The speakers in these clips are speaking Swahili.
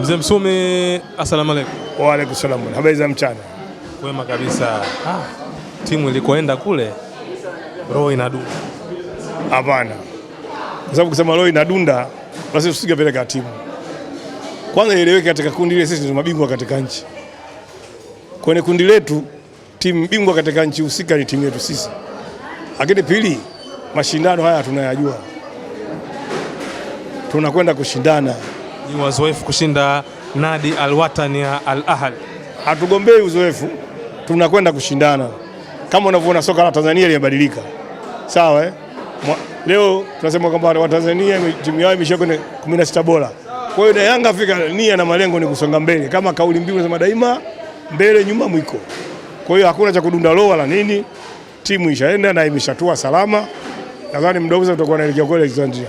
Mzee Msume, asalamu alaykum. Wa alaykum salam Habari za mchana? Wema kabisa. Ah, timu ilikoenda kule roho inadunda. Hapana, kwa sababu kusema roho inadunda basi peleka timu. Kwanza ieleweke, katika kundi ile sisi ni mabingwa katika nchi. Kwenye kundi letu timu bingwa katika nchi husika ni timu yetu sisi, lakini pili, mashindano haya tunayajua, tunakwenda kushindana ni wazoefu kushinda Nadi Alwatani ya Al Ahli. Hatugombei uzoefu, tunakwenda kushindana kama unavyoona soka la Tanzania limebadilika, sawa eh? Leo tunasema kwamba Watanzania timu yao imesha kwenye 16 bora. Kwa hiyo na Yanga Afrika nia na malengo ni kusonga mbele, kama kauli mbiu unasema daima mbele nyuma mwiko. Kwa hiyo hakuna cha kudunda loa la nini, timu ishaenda na imeshatua salama. Nadhani mdogo tutakuwa naelekea kule Alexandria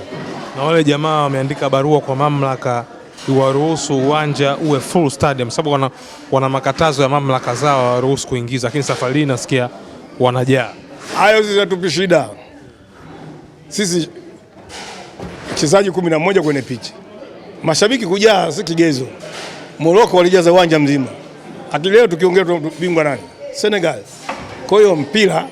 na wale jamaa wameandika barua kwa mamlaka iwaruhusu uwanja uwe full stadium, sababu wana, wana makatazo ya mamlaka zao waruhusu kuingiza, lakini safari hii nasikia wanajaa. Hayo sisi hatupi shida sisi wachezaji kumi na moja kwenye pichi, mashabiki kujaa si kigezo. Moroko walijaza uwanja mzima, hadi leo tukiongea bingwa nani? Senegal. Kwa hiyo mpira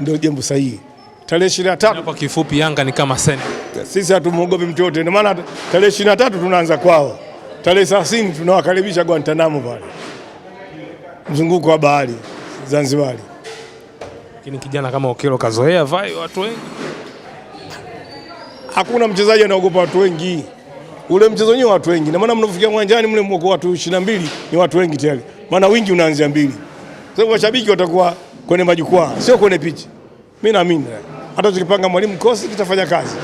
ndio jambo sahihi. Tarehe 23 kwa kifupi, Yanga ni kama Senegal. Sisi hatumwogopi mtu yote, ndio maana tarehe ishirini na tatu tunaanza kwao, tarehe thelathini tunawakaribisha Guantanamo pale mzunguko wa bahari Zanzibar. Lakini kijana kama Okelo kazoea vai watu wengi, hakuna mchezaji anaogopa watu wengi. Ule mchezo wenyewe watu wengi, na maana mnafikia uwanjani mle mko watu ishirini na mbili ni watu wengi tayari, maana wingi unaanzia mbili. Sasa washabiki watakuwa kwenye majukwaa, sio kwenye pichi. Mimi naamini hata tukipanga mwalimu kosi kitafanya kazi.